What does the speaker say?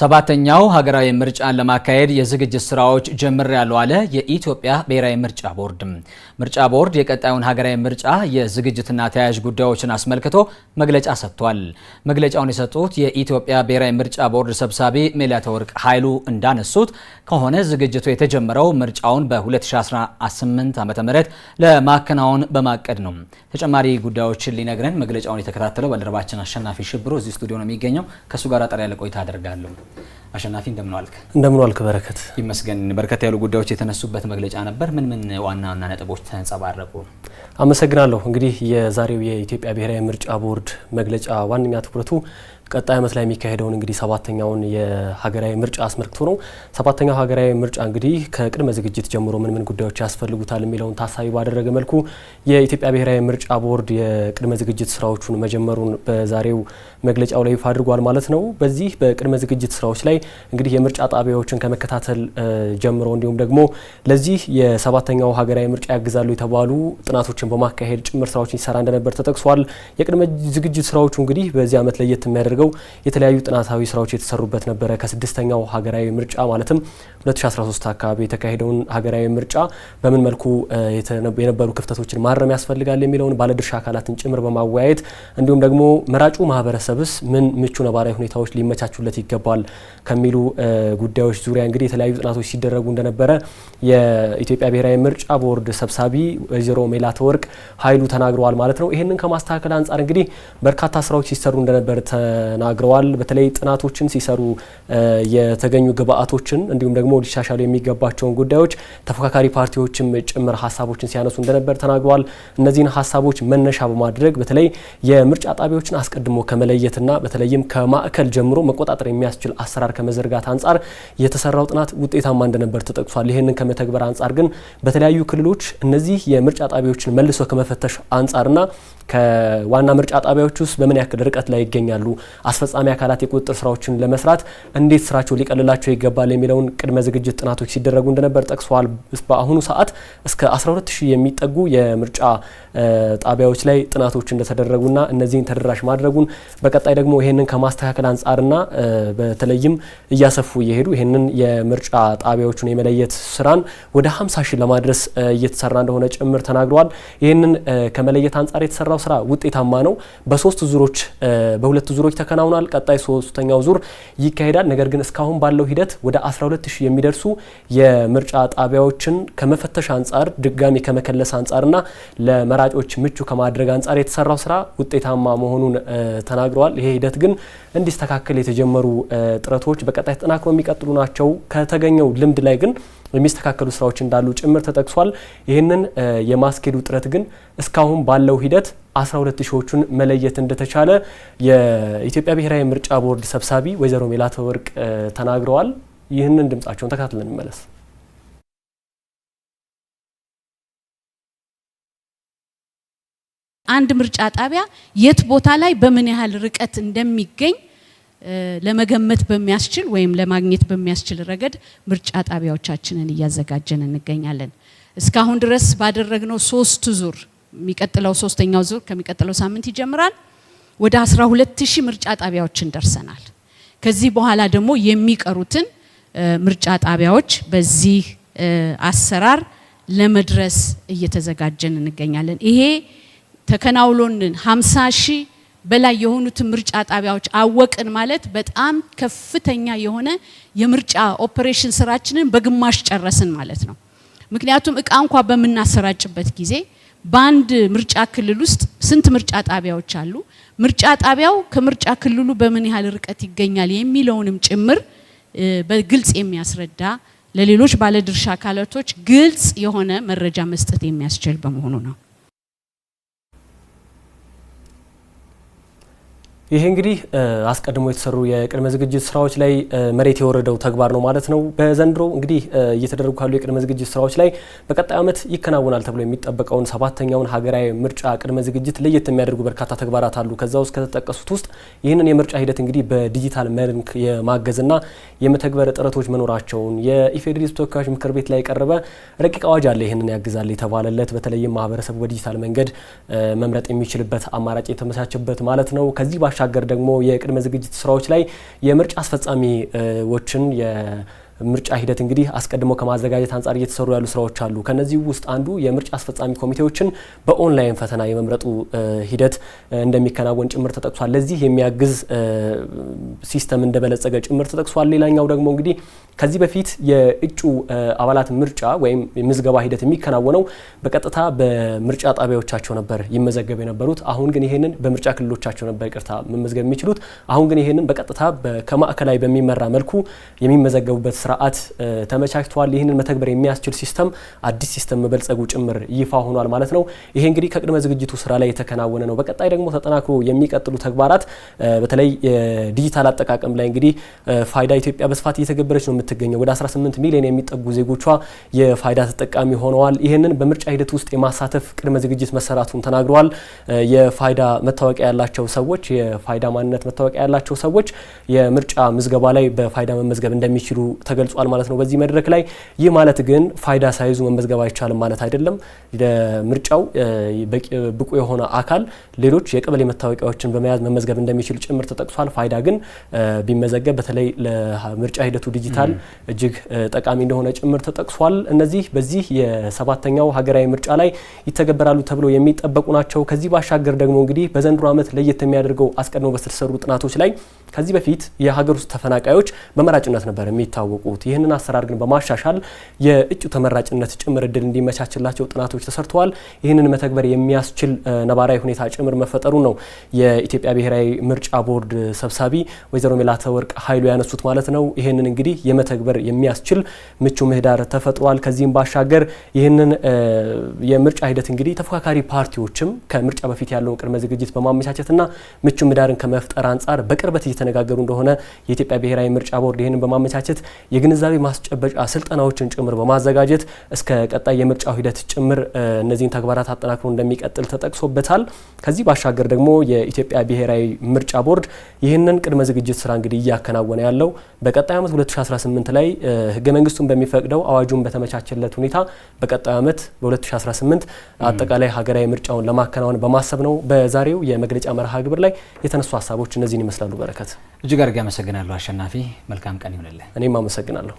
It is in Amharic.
ሰባተኛው ሀገራዊ ምርጫን ለማካሄድ የዝግጅት ስራዎች ጀምር አለ የኢትዮጵያ ብሔራዊ ምርጫ ቦርድ። ምርጫ ቦርድ የቀጣዩን ሀገራዊ ምርጫ የዝግጅትና ተያያዥ ጉዳዮችን አስመልክቶ መግለጫ ሰጥቷል። መግለጫውን የሰጡት የኢትዮጵያ ብሔራዊ ምርጫ ቦርድ ሰብሳቢ ሜላተወርቅ ኃይሉ እንዳነሱት ከሆነ ዝግጅቱ የተጀመረው ምርጫውን በ2018 ዓ ም ለማከናወን በማቀድ ነው። ተጨማሪ ጉዳዮችን ሊነግረን መግለጫውን የተከታተለው ባልደረባችን አሸናፊ ሽብሮ እዚህ ስቱዲዮ ነው የሚገኘው። ከእሱ ጋር አጠር ያለ ቆይታ አደርጋለሁ። አሸናፊ እንደምን ዋልክ? እንደምን ዋልክ በረከት። ይመስገን። በርከት ያሉ ጉዳዮች የተነሱበት መግለጫ ነበር። ምን ምን ዋና ዋና ነጥቦች ተንጸባረቁ? አመሰግናለሁ። እንግዲህ የዛሬው የኢትዮጵያ ብሔራዊ ምርጫ ቦርድ መግለጫ ዋነኛ ትኩረቱ ቀጣይ ዓመት ላይ የሚካሄደውን እንግዲህ ሰባተኛውን የሀገራዊ ምርጫ አስመልክቶ ነው። ሰባተኛው ሀገራዊ ምርጫ እንግዲህ ከቅድመ ዝግጅት ጀምሮ ምን ምን ጉዳዮች ያስፈልጉታል የሚለውን ታሳቢ ባደረገ መልኩ የኢትዮጵያ ብሔራዊ ምርጫ ቦርድ የቅድመ ዝግጅት ስራዎቹን መጀመሩን በዛሬው መግለጫው ላይ ይፋ አድርጓል ማለት ነው። በዚህ በቅድመ ዝግጅት ስራዎች ላይ እንግዲህ የምርጫ ጣቢያዎችን ከመከታተል ጀምሮ እንዲሁም ደግሞ ለዚህ የሰባተኛው ሀገራዊ ምርጫ ያግዛሉ የተባሉ ጥናቶችን በማካሄድ ጭምር ስራዎችን ይሰራ እንደነበር ተጠቅሷል። የቅድመ ዝግጅት ስራዎቹ እንግዲህ በዚህ ዓመት ለየት የሚያደርግ አድርገው የተለያዩ ጥናታዊ ስራዎች የተሰሩበት ነበረ። ከስድስተኛው ሀገራዊ ምርጫ ማለትም 2013 አካባቢ የተካሄደውን ሀገራዊ ምርጫ በምን መልኩ የነበሩ ክፍተቶችን ማረም ያስፈልጋል የሚለውን ባለድርሻ አካላትን ጭምር በማወያየት እንዲሁም ደግሞ መራጩ ማህበረሰብስ ምን ምቹ ነባራዊ ሁኔታዎች ሊመቻቹለት ይገባል ከሚሉ ጉዳዮች ዙሪያ እንግዲህ የተለያዩ ጥናቶች ሲደረጉ እንደነበረ የኢትዮጵያ ብሔራዊ ምርጫ ቦርድ ሰብሳቢ ወይዘሮ ሜላተወርቅ ኃይሉ ተናግረዋል ማለት ነው። ይህንን ከማስተካከል አንጻር እንግዲህ በርካታ ስራዎች ሲሰሩ እንደነበር ተናግረዋል። በተለይ ጥናቶችን ሲሰሩ የተገኙ ግብአቶችን እንዲሁም ደግሞ ሊሻሻሉ የሚገባቸውን ጉዳዮች ተፎካካሪ ፓርቲዎችም ጭምር ሀሳቦችን ሲያነሱ እንደነበር ተናግረዋል። እነዚህን ሀሳቦች መነሻ በማድረግ በተለይ የምርጫ ጣቢያዎችን አስቀድሞ ከመለየትና በተለይም ከማዕከል ጀምሮ መቆጣጠር የሚያስችል አሰራር ከመዘርጋት አንጻር የተሰራው ጥናት ውጤታማ እንደነበር ተጠቅሷል። ይህንን ከመተግበር አንጻር ግን በተለያዩ ክልሎች እነዚህ የምርጫ ጣቢያዎችን መልሶ ከመፈተሽ አንጻርና ከዋና ምርጫ ጣቢያዎች ውስጥ በምን ያክል ርቀት ላይ ይገኛሉ፣ አስፈጻሚ አካላት የቁጥጥር ስራዎችን ለመስራት እንዴት ስራቸው ሊቀልላቸው ይገባል የሚለውን ቅድመ ዝግጅት ጥናቶች ሲደረጉ እንደነበር ጠቅሰዋል። በአሁኑ ሰዓት እስከ 120 የሚጠጉ የምርጫ ጣቢያዎች ላይ ጥናቶች እንደተደረጉና እነዚህን ተደራሽ ማድረጉን በቀጣይ ደግሞ ይህንን ከማስተካከል አንጻርና በተለይም እያሰፉ እየሄዱ ይህንን የምርጫ ጣቢያዎቹን የመለየት ስራን ወደ 50 ሺህ ለማድረስ እየተሰራ እንደሆነ ጭምር ተናግረዋል። ይህንን ከመለየት አንጻር የተሰራው ስራ ውጤታማ ነው። በሶስት ዙሮች በሁለት ዙሮች ተከናውኗል። ቀጣይ ሶስተኛው ዙር ይካሄዳል። ነገር ግን እስካሁን ባለው ሂደት ወደ 12000 የሚደርሱ የምርጫ ጣቢያዎችን ከመፈተሽ አንጻር ድጋሚ ከመከለስ አንጻርና ለመራጮች ምቹ ከማድረግ አንጻር የተሰራው ስራ ውጤታማ መሆኑን ተናግረዋል። ይሄ ሂደት ግን እንዲስተካከል የተጀመሩ ጥረቶች በቀጣይ ተጠናክሮ የሚቀጥሉ ናቸው። ከተገኘው ልምድ ላይ ግን የሚስተካከሉ ስራዎች እንዳሉ ጭምር ተጠቅሷል። ይህንን የማስኬዱ ጥረት ግን እስካሁን ባለው ሂደት 12 ሺዎቹን መለየት እንደተቻለ የኢትዮጵያ ብሔራዊ ምርጫ ቦርድ ሰብሳቢ ወይዘሮ ሜላተወርቅ ተናግረዋል። ይህንን ድምጻቸውን ተከታትለን እንመለስ። አንድ ምርጫ ጣቢያ የት ቦታ ላይ በምን ያህል ርቀት እንደሚገኝ ለመገመት በሚያስችል ወይም ለማግኘት በሚያስችል ረገድ ምርጫ ጣቢያዎቻችንን እያዘጋጀን እንገኛለን። እስካሁን ድረስ ባደረግነው ሶስት ዙር የሚቀጥለው ሶስተኛው ዙር ከሚቀጥለው ሳምንት ይጀምራል። ወደ 12000 ምርጫ ጣቢያዎችን ደርሰናል። ከዚህ በኋላ ደግሞ የሚቀሩትን ምርጫ ጣቢያዎች በዚህ አሰራር ለመድረስ እየተዘጋጀን እንገኛለን። ይሄ ተከናውሎንን 50 ሺህ በላይ የሆኑትን ምርጫ ጣቢያዎች አወቅን ማለት በጣም ከፍተኛ የሆነ የምርጫ ኦፕሬሽን ስራችንን በግማሽ ጨረስን ማለት ነው። ምክንያቱም እቃ እንኳ በምናሰራጭበት ጊዜ በአንድ ምርጫ ክልል ውስጥ ስንት ምርጫ ጣቢያዎች አሉ? ምርጫ ጣቢያው ከምርጫ ክልሉ በምን ያህል ርቀት ይገኛል? የሚለውንም ጭምር በግልጽ የሚያስረዳ ለሌሎች ባለድርሻ አካላቶች ግልጽ የሆነ መረጃ መስጠት የሚያስችል በመሆኑ ነው። ይሄ እንግዲህ አስቀድሞ የተሰሩ የቅድመ ዝግጅት ስራዎች ላይ መሬት የወረደው ተግባር ነው ማለት ነው። በዘንድሮ እንግዲህ እየተደረጉ ካሉ የቅድመ ዝግጅት ስራዎች ላይ በቀጣይ ዓመት ይከናወናል ተብሎ የሚጠበቀውን ሰባተኛውን ሀገራዊ ምርጫ ቅድመ ዝግጅት ለየት የሚያደርጉ በርካታ ተግባራት አሉ። ከዛ ውስጥ ከተጠቀሱት ውስጥ ይህንን የምርጫ ሂደት እንግዲህ በዲጂታል መልክ የማገዝና የመተግበር ጥረቶች መኖራቸውን የኢፌዴሪ ተወካዮች ምክር ቤት ላይ የቀረበ ረቂቅ አዋጅ አለ። ይህንን ያግዛል የተባለለት በተለይም ማህበረሰቡ በዲጂታል መንገድ መምረጥ የሚችልበት አማራጭ የተመቻቸበት ማለት ነው ከዚህ ባሻገር ደግሞ የቅድመ ዝግጅት ስራዎች ላይ የምርጫ አስፈጻሚዎችን ምርጫ ሂደት እንግዲህ አስቀድሞ ከማዘጋጀት አንጻር እየተሰሩ ያሉ ስራዎች አሉ። ከነዚህ ውስጥ አንዱ የምርጫ አስፈጻሚ ኮሚቴዎችን በኦንላይን ፈተና የመምረጡ ሂደት እንደሚከናወን ጭምር ተጠቅሷል። ለዚህ የሚያግዝ ሲስተም እንደበለጸገ ጭምር ተጠቅሷል። ሌላኛው ደግሞ እንግዲህ ከዚህ በፊት የእጩ አባላት ምርጫ ወይም ምዝገባ ሂደት የሚከናወነው በቀጥታ በምርጫ ጣቢያዎቻቸው ነበር ይመዘገብ የነበሩት። አሁን ግን ይሄንን በምርጫ ክልሎቻቸው ነበር ይቅርታ መመዝገብ የሚችሉት። አሁን ግን ይሄንን በቀጥታ ከማዕከላዊ በሚመራ መልኩ የሚመዘገቡበት ስርዓት ተመቻችቷል። ይህንን መተግበር የሚያስችል ሲስተም አዲስ ሲስተም መበልጸጉ ጭምር ይፋ ሆኗል ማለት ነው። ይሄ እንግዲህ ከቅድመ ዝግጅቱ ስራ ላይ የተከናወነ ነው። በቀጣይ ደግሞ ተጠናክሮ የሚቀጥሉ ተግባራት በተለይ ዲጂታል አጠቃቀም ላይ እንግዲህ ፋይዳ ኢትዮጵያ በስፋት እየተገበረች ነው የምትገኘው። ወደ 18 ሚሊዮን የሚጠጉ ዜጎቿ የፋይዳ ተጠቃሚ ሆነዋል። ይህንን በምርጫ ሂደት ውስጥ የማሳተፍ ቅድመ ዝግጅት መሰራቱን ተናግረዋል። የፋይዳ መታወቂያ ያላቸው ሰዎች የፋይዳ ማንነት መታወቂያ ያላቸው ሰዎች የምርጫ ምዝገባ ላይ በፋይዳ መመዝገብ እንደሚችሉ ተገልጿል ማለት ነው በዚህ መድረክ ላይ። ይህ ማለት ግን ፋይዳ ሳይዙ መመዝገብ አይቻልም ማለት አይደለም። ለምርጫው ብቁ የሆነ አካል ሌሎች የቀበሌ መታወቂያዎችን በመያዝ መመዝገብ እንደሚችል ጭምር ተጠቅሷል። ፋይዳ ግን ቢመዘገብ በተለይ ለምርጫ ሂደቱ ዲጂታል እጅግ ጠቃሚ እንደሆነ ጭምር ተጠቅሷል። እነዚህ በዚህ የሰባተኛው ሀገራዊ ምርጫ ላይ ይተገበራሉ ተብሎ የሚጠበቁ ናቸው። ከዚህ ባሻገር ደግሞ እንግዲህ በዘንድሮ ዓመት ለየት የሚያደርገው አስቀድሞ በተሰሩ ጥናቶች ላይ ከዚህ በፊት የሀገር ውስጥ ተፈናቃዮች በመራጭነት ነበር የሚታወቁ የሚያውቁት። ይህንን አሰራር ግን በማሻሻል የእጩ ተመራጭነት ጭምር እድል እንዲመቻችላቸው ጥናቶች ተሰርተዋል። ይህንን መተግበር የሚያስችል ነባራዊ ሁኔታ ጭምር መፈጠሩ ነው የኢትዮጵያ ብሔራዊ ምርጫ ቦርድ ሰብሳቢ ወይዘሮ ወርቅ ኃይሉ ያነሱት ማለት ነው። ይህንን እንግዲህ የመተግበር የሚያስችል ምቹ ምህዳር ተፈጥሯል። ከዚህም ባሻገር ይህንን የምርጫ ሂደት እንግዲህ ተፎካካሪ ፓርቲዎችም ከምርጫ በፊት ያለውን ቅድመ ዝግጅት በማመቻቸትና ምቹ ምህዳርን ከመፍጠር አንጻር በቅርበት እየተነጋገሩ እንደሆነ የኢትዮጵያ ብሔራዊ ምርጫ ቦርድ ይህንን በማመቻቸት የግንዛቤ ማስጨበጫ ስልጠናዎችን ጭምር በማዘጋጀት እስከ ቀጣይ የምርጫው ሂደት ጭምር እነዚህን ተግባራት አጠናክሮ እንደሚቀጥል ተጠቅሶበታል። ከዚህ ባሻገር ደግሞ የኢትዮጵያ ብሔራዊ ምርጫ ቦርድ ይህንን ቅድመ ዝግጅት ስራ እንግዲህ እያከናወነ ያለው በቀጣይ ዓመት 2018 ላይ ህገ መንግስቱን በሚፈቅደው አዋጁን በተመቻቸለት ሁኔታ በቀጣዩ ዓመት በ2018 አጠቃላይ ሀገራዊ ምርጫውን ለማከናወን በማሰብ ነው። በዛሬው የመግለጫ መርሃ ግብር ላይ የተነሱ ሀሳቦች እነዚህን ይመስላሉ። በረከት እጅግ አድርጌ አመሰግናለሁ። አሸናፊ መልካም ቀን ይሆንልን። እኔም አመሰግ አመሰግናለሁ።